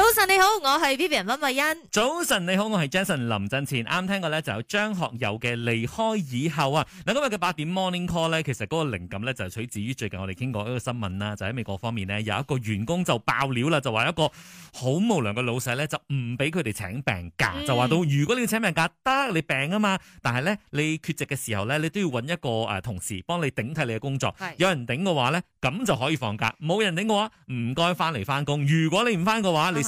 早晨你好，我係 Vivian 溫慧欣。早晨你好，我係 Jason 林振前。啱聽過咧，就有張學友嘅離開以後啊。嗱今日嘅八點 Morning Call 咧，其實嗰個靈感咧就係、取自於最近我哋傾過一個新聞啦，就喺、是、美國方面咧有一個員工就爆料啦，就話一個好無良嘅老細咧就唔俾佢哋請病假，嗯、就話到如果你要請病假得你病啊嘛，但係咧你缺席嘅時候咧你都要揾一個誒、啊、同事幫你頂替你嘅工作，有人頂嘅話咧咁就可以放假，冇人頂嘅話唔該翻嚟翻工，如果你唔翻嘅話你。嗯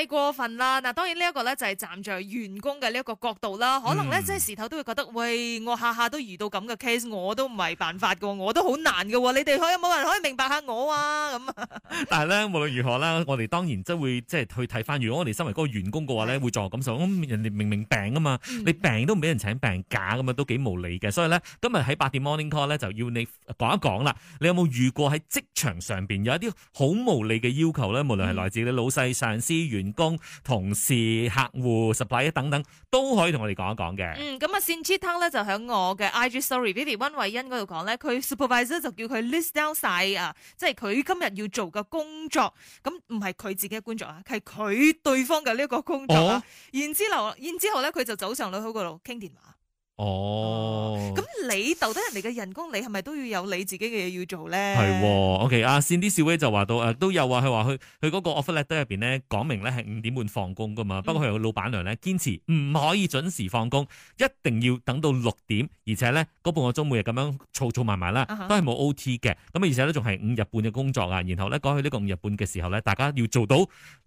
太過分啦！嗱，當然呢一個咧就係站在員工嘅呢一個角度啦，可能咧即係時頭都會覺得喂，我下下都遇到咁嘅 case，我都唔係辦法噶，我都好難噶，你哋可有冇人可以明白下我啊？咁啊！但係咧，無論如何啦，我哋當然即係會即係去睇翻，如果我哋身為個員工嘅話咧，會如何感受？人哋明明病啊嘛，你病都唔俾人請病假咁啊，都幾無理嘅。所以咧，今日喺八點 morning call 咧，就要你講一講啦。你有冇遇過喺職場上邊有一啲好無理嘅要求咧？無論係來自你老細上司員工同事客戶 supplier 等等都可以同我哋講一講嘅。嗯，咁啊，線 chat 呢，就響我嘅 IG story，呢位溫慧欣嗰度講咧，佢 supervisor 就叫佢 list out 晒啊，即係佢今日要做嘅工作。咁唔係佢自己嘅工作啊，係佢對方嘅呢一個工作。哦、然之後，然之後咧，佢就走上嚟喺嗰度傾電話。哦，咁，哦、你逗得人哋嘅人工，你係咪都要有你自己嘅嘢要做咧係、哦，OK，阿 Cindy 啲示威就話到，誒、呃，都有話佢話佢佢嗰個 offer letter 咧入邊咧講明咧係五點半放工噶嘛，不過佢個老闆娘咧堅持唔可以準時放工，一定要等到六點，而且咧嗰半個鐘每日咁樣嘈嘈埋埋啦，都係冇 O T 嘅，咁而且咧仲係五日半嘅工作啊，然後咧過去呢個五日半嘅時候咧，大家要做到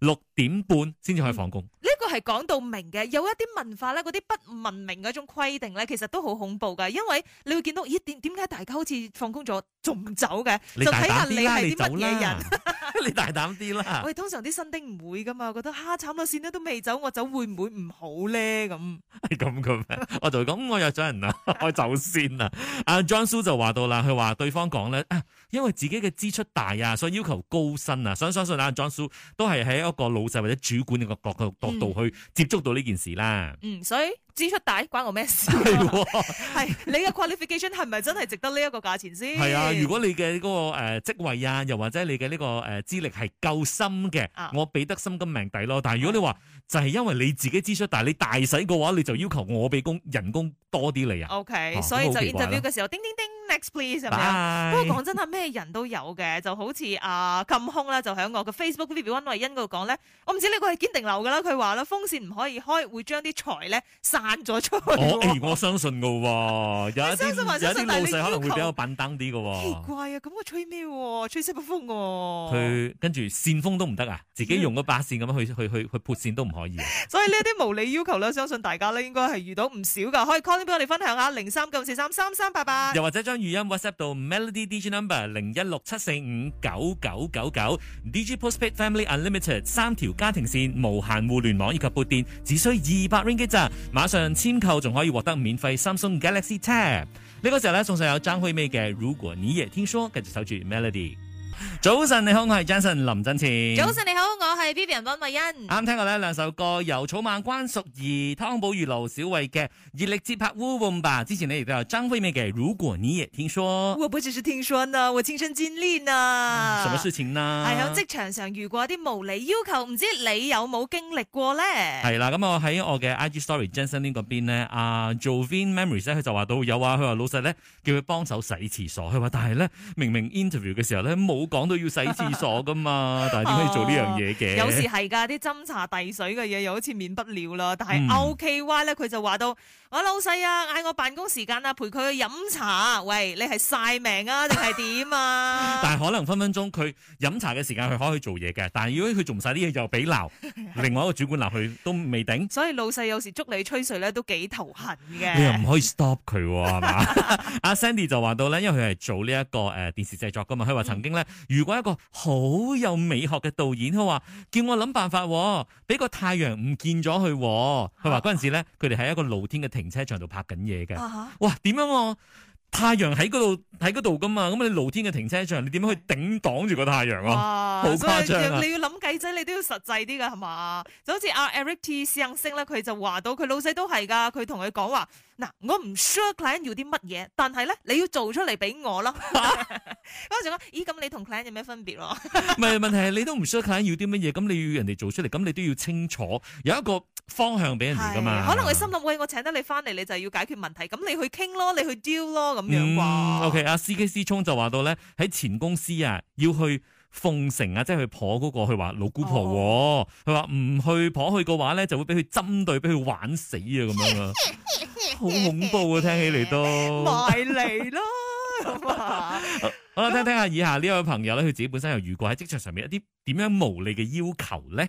六點半先至可以放工。嗯係講到明嘅，有一啲文化咧，啲不文明種規定咧，其實都好恐怖噶因為你會見到，咦點點解大家好似放工咗仲唔走嘅？就睇下你係啲乜嘢人。 你大膽啲啦！我哋通常啲新丁唔會噶嘛，我覺得吓慘到線都未走，我走會唔會唔好咧？咁係咁咁咩？我就咁、嗯，我約咗人啊，我先走先啦。阿 John、Suu、就話到啦，佢話對方講咧、啊，因為自己嘅支出大啊，所以要求高薪啊。所以相信阿 John 都係喺一個老細或者主管嘅角嘅角度去接觸到呢件事啦。嗯，所以。支出大關我咩事？係喎、哦， 你嘅 qualification 係咪真係值得呢一個價錢先？係 啊，如果你嘅嗰個誒職位啊，又或者你嘅呢個誒資歷係夠深嘅，啊、我俾得心甘命抵咯。但係如果你話就係因為你自己支出，但係你大使嘅話，你就要求我俾工人工。多啲嚟啊，OK，啊所以就 interview 嘅時候，叮叮叮，next please 係咪不，不過講真嚇，咩人都有嘅，就好似啊撳空啦，就喺我嘅 Facebook video 溫慧欣嗰度講咧，我唔知呢、這個係堅定流嘅啦，佢話啦，風扇唔可以開，會將啲材咧散咗出去。誒、哦哎，我相信嘅喎、啊， 有一啲有一啲老細可能會比較板凳啲嘅喎。奇怪啊，咁我吹咩喎、啊？吹西北風嘅、啊、喎。佢跟住扇風都唔得啊，自己用個把扇咁樣去、嗯、去去去撥扇都唔可以啊。所以呢啲無理要求咧， 相信大家咧應該係遇到唔少㗎，可以。俾我哋分享下零三九四三三三八八，又或者將語音 WhatsApp 到 Melody Digi Number 零一六七四五九九九九 Digi Postpaid Family Unlimited 三條家庭線無限互聯網以及撥電只需二百 Ringgit 咋？馬上簽購仲可以獲得免費 Samsung Galaxy Tab。呢、這個時候咧，仲有張惠妹嘅如果你也聽說，繼續守住 Melody。早晨，你好，我係 Jensen 林振慈。早晨，你好，我係 Vivian 溫慧欣。啱聽過呢兩首歌，《由草蜢關淑怡湯寶如劉小慧嘅熱力節拍 WooBaBa》，之前呢亦都有張惠妹嘅。如果你也聽說，我不只是聽說呢，我親身經歷呢。什麼事情呢？係喺職場上遇過一啲無理要求，唔知你有冇經歷過咧？係啦，咁我喺我嘅 IG Story Jensen Link 嗰邊呢、啊、阿 Jovin Memories 咧，佢就話到有啊，佢話老細咧，叫佢幫手洗廁所，佢話但係咧，明明 interview 嘅時候咧冇。講到要洗廁所噶嘛， 但係點解要做呢樣嘢嘅？有時係噶，啲斟茶遞水嘅嘢又好似免不了啦。但係 O K Y 咧，佢就話到。嗯我老細啊，嗌我辦公時間啊陪佢去飲茶，喂，你係晒命啊定係點啊？ 但係可能分分鐘佢飲茶嘅時間佢可以去做嘢嘅，但係如果佢做唔晒啲嘢就俾鬧，另外一個主管鬧佢都未頂。 所以老細有時捉你吹水咧都幾頭痕嘅。你又唔可以 stop 佢係嘛？阿、 啊、Sandy 就話到咧，因為佢係做呢一個誒電視製作噶嘛，佢話曾經咧，如果一個好有美學嘅導演，佢話叫我諗辦法，俾個太陽唔見咗佢，佢話陣時咧佢哋係一個露天嘅庭。停車場度拍緊嘢嘅，哇、啊！點樣、啊？太陽喺嗰度喺嗰度噶嘛？咁你露天嘅停車場，你點樣去頂擋住個太陽啊，啊？好誇張啊！你要諗計仔，你都要實際啲噶，係嘛？就好似阿 Eric T 上升咧，佢就話到佢老細都係噶，佢同佢講話嗱，nah, 我唔 sure client 要啲乜嘢，但係咧你要做出嚟俾我啦。咁佢就講：咦，咁你同 client 有咩分別咯？唔 係問題係你都唔 sure client 要啲乜嘢，咁你要人哋做出嚟，咁你都要清楚有一個。方向俾人嚟噶嘛？可能佢心諗：喂，我請得你翻嚟，你就要解決問題。咁你去傾咯，你去 deal 咯，咁、嗯、樣 O K，阿司基司聰就話到咧，喺前公司啊，要去奉承啊，即係去婆嗰、那個。佢話老姑婆，佢話唔去婆，婆去嘅話咧，就會俾佢針對，俾佢玩死啊，咁樣啊， 好恐怖啊，聽起嚟都。 埋嚟來咯 好啦，聽聽一下以下呢位朋友咧，佢自己本身有遇過喺職場上面一啲點樣無理嘅要求咧。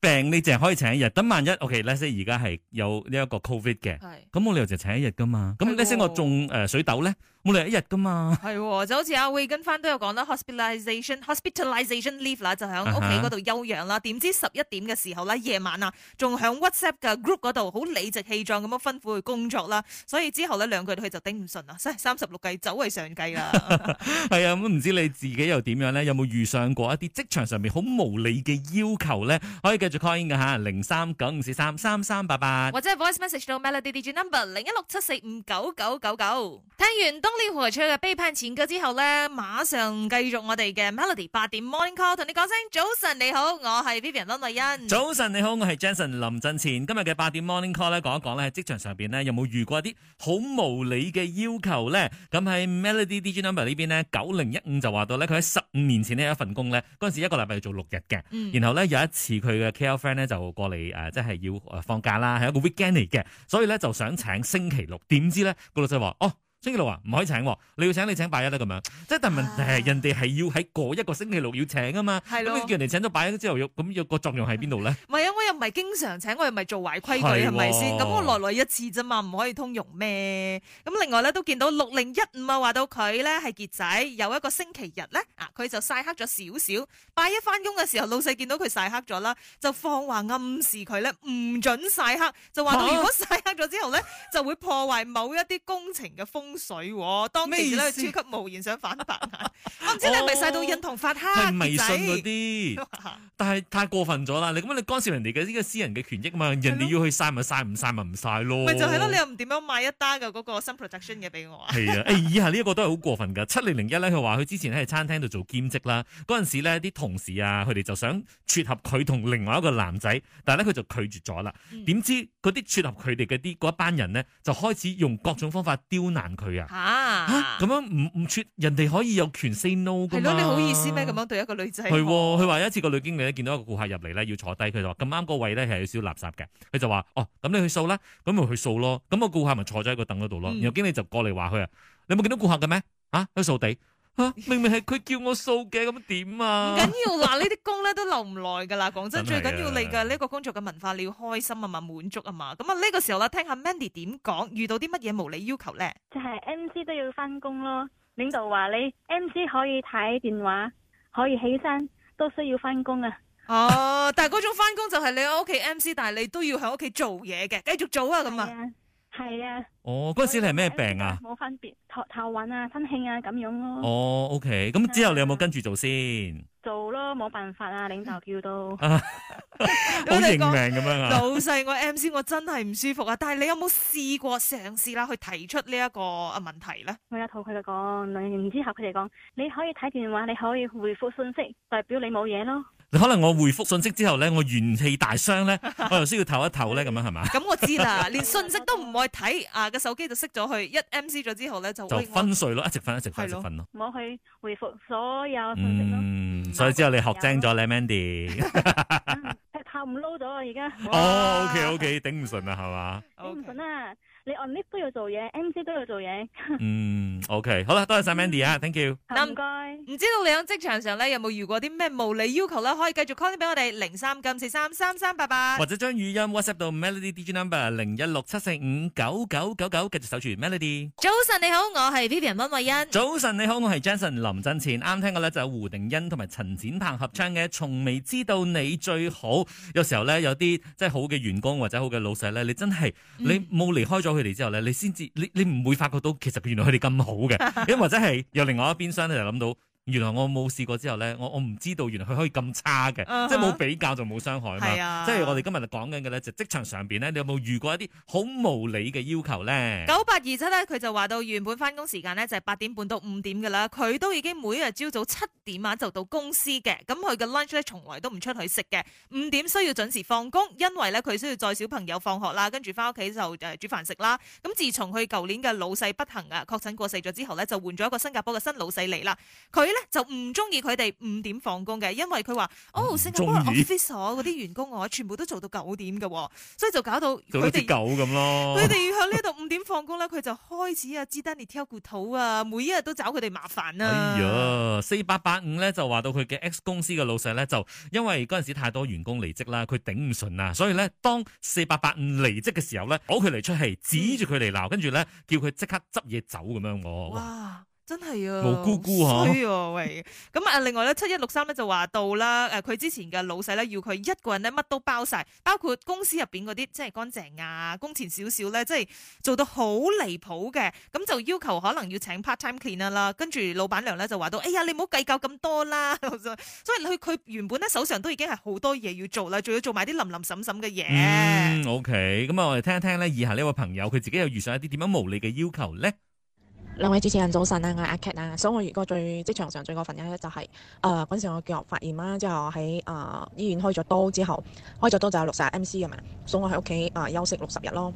病你淨係可以請一日，等萬一，OK，let's say 而家係有呢一個 Covid 嘅，咁冇理由就請一日噶嘛，咁 let's say 我中誒、呃、水痘咧。冇嚟一日噶嘛，係就好似阿慧跟翻都有講啦，hospitalisation，hospitalisation leave 啦，就喺屋企嗰度休養啦。點知十一點嘅時候咧，夜晚啊，仲喺 WhatsApp 嘅 group 嗰度好理直氣壯咁樣吩咐去工作啦。所以之後咧，兩句佢就頂唔順啦，所以三十六計走為上計啊。係啊，咁唔知你自己又點樣咧？有冇遇上過一啲職場上面好無理嘅要求咧？可以繼續 call in 嘅吓，零三九五四三三三八八，或者 voice message 到 melody digit number 零一六七四五九九九九。聽完都。當尼和出嘅背叛前歌》之後咧，馬上繼續我哋嘅 Melody 八點 Morning Call，同你講聲早晨你好，我係 Vivian 溫麗欣。早晨你好，我係 Jason 林振前。今日嘅八點 Morning Call 咧，講一講咧喺職場上邊咧有冇遇過一啲好無理嘅要求咧？咁喺 Melody D J Number 邊呢邊咧，九零一五就話到咧，佢喺十五年前呢有一份工咧，嗰陣時一個禮拜要做六日嘅，嗯，然後咧有一次佢嘅 K L friend 咧就過嚟誒，即、呃、係、就是、要放假啦，係一個 Weekend 嚟嘅，所以咧就想請星期六，點知咧個老細話哦。星期六啊，唔可以請，你要請你請拜一啦，咁樣，即係但問題係，誒人哋係要喺嗰一個星期六要請啊嘛，咁你叫人哋請咗拜一之後，咁、那、要個作用喺邊度咧？唔 係啊，我又唔係經常請，我又唔係做壞規矩，係咪先？咁我來來一次咋嘛，唔可以通融咩？咁另外咧都見到六零一五啊，話到佢咧係傑仔，有一個星期日咧，啊佢就晒黑咗少少，拜一翻工嘅時候，老細見到佢晒黑咗啦，就放話暗示佢咧唔準晒黑，就話到如果晒黑咗之後咧、啊，就會破壞某一啲工程嘅風格。風水、哦，當時咧超級無言想反白， 我唔知你係咪晒到印同發黑。係、哦、迷信嗰啲，但係太過分咗啦！你咁樣你干涉人哋嘅呢個私人嘅權益嘛，人哋要去晒咪晒，唔晒咪唔晒咯。咪 就係咯，你又唔點樣買一單嘅嗰、那個新 production 嘅俾我？係 啊、哎，以下呢一個都係好過分噶。七零零一咧，佢話佢之前喺餐廳度做兼職啦，嗰陣時咧啲同事啊，佢哋就想撮合佢同另外一個男仔，但係咧佢就拒絕咗啦。點、嗯、知嗰啲撮合佢哋嘅啲嗰一班人咧，就開始用各種方法刁難。佢啊，嚇、啊、咁樣唔唔，出人哋可以有權 say no 噶嘛？係咯，你好意思咩？咁樣對一個女仔，係佢話有一次個女經理咧，見到一個顧客入嚟咧，要坐低，佢就話咁啱個位咧係有少垃圾嘅，佢就話哦，咁你去掃啦，咁咪去掃咯，咁、那個顧客咪坐咗喺個凳嗰度咯，然後經理就過嚟話佢啊，你冇見到顧客嘅咩？啊，去、那個、掃地。啊！明明係佢叫我掃嘅，咁點啊？唔緊要，嗱，呢啲工咧都留唔耐噶啦。講真， 最緊要你嘅呢、這個工作嘅文化，你要開心啊嘛，滿足啊嘛。咁啊，呢個時候啦，聽下 Mandy 點講，遇到啲乜嘢無理要求咧？就係、是、MC 都要翻工咯。領導話你 MC 可以睇電話，可以起身，都需要翻工啊。哦、啊，但係嗰種翻工就係你喺屋企 MC，但係你都要喺屋企做嘢嘅，繼續做啊咁啊。係啊，哦，嗰陣時你係咩病啊？冇分別，頭暈啊，身㷫啊，咁樣咯、啊。哦，OK，咁之後你有冇跟住做先、啊？做咯，冇辦法啊， 領導叫到。好認命咁樣啊！ 老細我 M C 我真係唔舒服啊， 但係你有冇試過嘗試啦去提出呢一個啊問題咧？我有同佢哋講，然之後佢哋講，你可以睇電話，你可以回覆信息，代表你冇嘢咯。可能我回覆信息之後咧，我元氣大傷咧， 我又需要唞一唞咧，咁 樣係嘛？咁我知啦，連信息都唔去睇，啊個手機就熄咗去，一 M C 咗之後咧，就就昏睡咯，一直瞓一直瞓一直瞓咯。我去回覆所有信息咯。所以之後你學精咗，你 Mandy 劈炮唔撈咗啊，而 家 Mandy。 哦，OK OK，頂唔順啦，係嘛？頂唔順啦。你 online 都要做嘢，MC 都要做嘢。 嗯，OK，好啦，多謝晒 Mandy、嗯、啊，Thank you、嗯。唔、嗯、該。唔知道你喺職場上咧有冇遇過啲咩無理要求咧？可以繼續 call 啲俾我哋零三九四三三三八八，或者將語音 WhatsApp 到 Melody DJ number 零一六七四五九九九九，繼續守住 Melody。早晨你好，我係 Vivian 溫慧欣。早晨你好，我係 Jason。林振。前啱聽嘅咧就胡定欣同埋陳展鵬合唱嘅《從未知道你最好》。有時候咧有啲即係好嘅員工或者好嘅老細咧，你真係你冇離開咗。佢哋之後咧，你先至你你唔會發覺到其實原來佢哋咁好嘅，因為或者係有另外一邊商咧就諗到。原來我冇試過之後呢，我我唔知道原來佢可以咁差嘅，uh-huh. 即係冇比較就冇傷害啊！Uh-huh. 即係我哋今日講緊嘅呢，就職場上邊呢，你有冇遇過一啲好無理嘅要求呢？九八二七呢，佢就話到原本翻工時間呢，就係八點半到五點㗎啦，佢都已經每日朝早七點啊就到公司嘅，咁佢嘅 lunch 呢，從來都唔出去食嘅，五點需要準時放工，因為呢，佢需要載小朋友放學啦，跟住翻屋企就煮飯食啦。咁自從佢舊年嘅老細不幸啊確診過世咗之後呢，就換咗一個新加坡嘅新老細嚟啦，佢就唔中意佢哋五點放工嘅，因為佢話哦，新加坡 office 所嗰啲員工我全部都做到九點嘅，所以就搞到佢哋狗咁咯。佢哋要喺呢度五點放工咧，佢 就開始啊，雞蛋裏挑骨頭啊，每一日都找佢哋麻煩啦、啊。四八八五咧就話到佢嘅 X 公司嘅老細咧，就因為嗰陣時太多員工離職啦，佢頂唔順啊，所以咧當四八八五離職嘅時候咧，攞佢嚟出氣，指住佢嚟鬧，跟住咧叫佢即刻執嘢走咁樣我。哇真係啊，啊，好姑姑啊，喂！咁啊，另外咧，七一六三咧就話到啦，誒，佢之前嘅老細咧要佢一個人咧乜都包晒，包括公司入邊嗰啲，即係乾淨啊，工錢少少咧，即係做到好離譜嘅，咁就要求可能要請 part time cleaner 啦。跟住老闆娘咧就話到，哎呀，你唔好計較咁多啦。呵呵所以佢佢原本咧手上都已經係好多嘢要做啦，仲要做埋啲林林沈沈嘅嘢。嗯，OK，咁啊，我哋聽一聽咧，以下呢位朋友佢自己又遇上一啲點樣無理嘅要求咧。兩位主持人早晨啊，我係阿 Kat 啊，所以我如果最職場上最過分嘅咧、就是呃，就係誒嗰陣我腳發炎啦，之後喺誒醫院開咗刀之後，開咗刀就有六十日 M C 㗎嘛。所以我喺屋企誒休息六十日咯。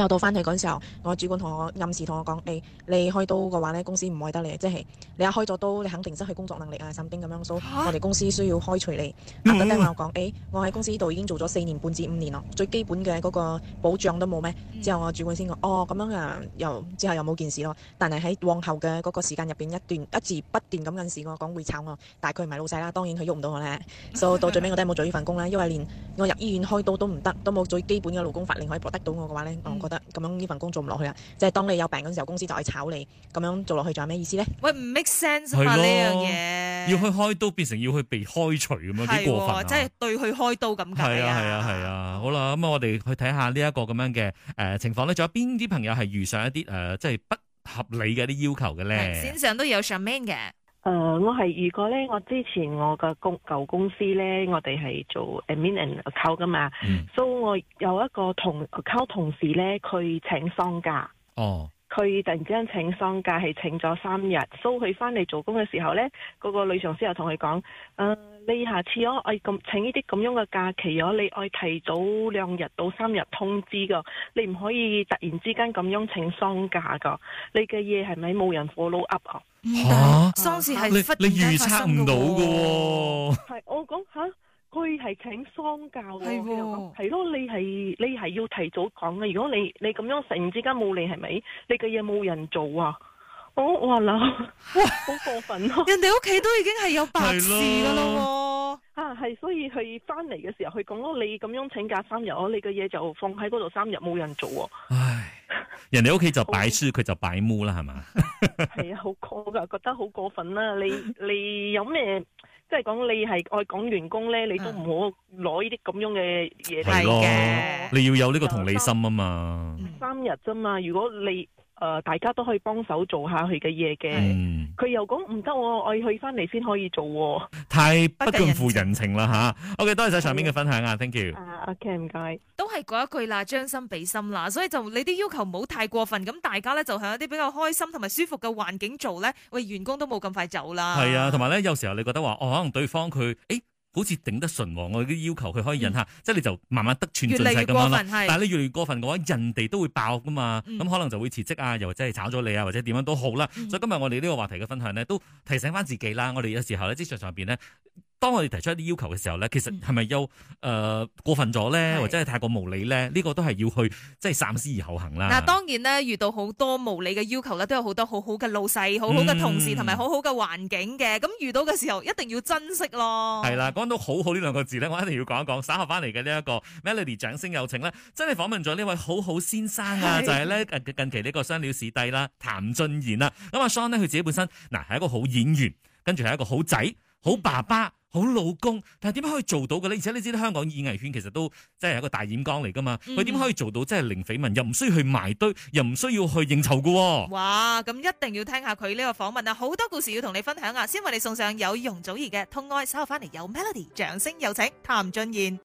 之後到翻去嗰時候，我主管同我暗示同我講：，誒、欸，你開刀嘅話咧，公司唔愛得你，即係你一開咗刀，你肯定失去工作能力啊，神經咁樣，所以我哋公司需要開除你。後屘聽我講、欸：，我喺公司度已經做咗四年半至五年咯，最基本嘅嗰個保障都冇咩、嗯？之後我主管先講：，哦，咁樣啊，又之後又冇件事咯。但係喺往後嘅嗰個時間入邊一段，一直不斷咁暗示我講會炒我，但係佢唔係老細啦，當然佢喐唔到我咧、嗯，所以到最尾我都冇做呢份工啦、嗯。因為連我入醫院開刀都唔得，都冇最基本嘅勞工法令可以博得到我嘅話咧，嗯我覺咁樣呢份工做唔落去啦，即係當你有病嗰陣時候，公司就去炒你，咁樣做落去仲有咩意思咧？喂，唔 make sense 嘛呢樣嘢，要去開刀變成要去被開除咁樣，啲過分、啊、即係對佢開刀咁解係啊係啊係啊，啊，啊！好啦，咁啊，我哋去睇下呢一個咁樣嘅情況咧，仲有邊啲朋友係遇上一啲、呃、即係不合理嘅啲要求嘅咧？線上都有上 man 嘅。誒、呃，我係如果咧，我之前我嘅公舊公司咧，我哋係做 admin and account 噶嘛、嗯，所以我有一個同 account 同事咧，佢請喪假，佢、哦、突然之間請喪假係請咗三日，所以佢翻嚟做工嘅時候咧，嗰、那個女上司又同佢講，誒、呃，你下次我愛咁請呢啲咁樣嘅假期，我你愛提早兩日到三日通知噶，你唔可以突然之間咁樣請喪假噶，你嘅嘢係咪冇人 follow up 啊？吓，喪事係忽然間發生嘅，係、哦、我講吓，佢、啊、係請喪教嘅，係係、哦、咯，你係你係要提早講嘅。如果你你咁樣突然之間冇你，係咪？你嘅嘢冇人做啊？哦，哇佬，好過分咯、啊！人哋屋企都已經係有白事噶咯，啊，係，所以佢翻嚟嘅時候，佢講咯，你咁樣請假三日，我你嘅嘢就放喺嗰度三日冇人做、啊。哎人哋屋企就擺書，佢就擺毛啦，係嘛？係啊，好過噶，覺得好過分啦。你你有咩即係講你係愛講員工咧，你都唔好攞呢啲咁樣嘅嘢嚟嘅。你要有呢個同理心啊嘛。三日啫嘛，如果你。誒、呃，大家都可以幫手做下佢嘅嘢嘅。佢、嗯、又講唔得喎，我要去翻嚟先可以做喎、哦。太不近乎人情啦吓、啊、OK，多謝晒上面嘅分享啊，Thank you、uh。啊，OK，唔該。都係嗰一句啦，將心比心啦。所以就你啲要求唔好太過分。咁大家咧就喺一啲比較開心同埋舒服嘅環境做咧，喂、呃，員工都冇咁快走啦。係啊，同埋咧有時候你覺得話，哦，可能對方佢誒。欸好似頂得順和，我哋啲要求佢可以忍下，嗯、即係你就慢慢得寸進尺咁樣啦。但係你越嚟越過分嘅話，人哋都會爆噶嘛，咁、嗯、可能就會辭職啊，又或者係炒咗你啊，或者點樣都好啦、嗯。所以今日我哋呢個話題嘅分享咧，都提醒翻自己啦。我哋有時候喺職、就是、場上邊咧。當我哋提出一啲要求嘅時候咧，其實係咪又誒、呃、過分咗咧，或者係太過無理咧？呢、這個都係要去即係三思而後行啦。嗱，當然咧，遇到好多無理嘅要求咧，都有很多很好多好好嘅老細、好好嘅同事同埋好好嘅環境嘅。咁、嗯、遇到嘅時候，一定要珍惜咯。係啦，講到好好呢兩個字咧，我一定要講一講。稍後翻嚟嘅呢一個 Melody 掌聲有請啦，真係訪問咗呢位好好先生啊，是就係、是、咧近期呢個商料史帝啦，譚俊彥啦，咁阿 Shaun 佢自己本身嗱，係一個好演員，跟住係一個好仔、好爸爸。嗯好老公，但係點樣可以做到嘅呢？而且你知道香港演藝圈其實都真係一個大染缸嚟噶嘛，佢、嗯、點可以做到真係零緋聞，又唔需要去埋堆，又唔需要去應酬嘅、啊？哇！咁一定要聽下佢呢個訪問啊！好多故事要同你分享啊！先為你送上有容祖兒嘅《痛愛》，收翻嚟有 Melody，掌聲有請譚俊賢。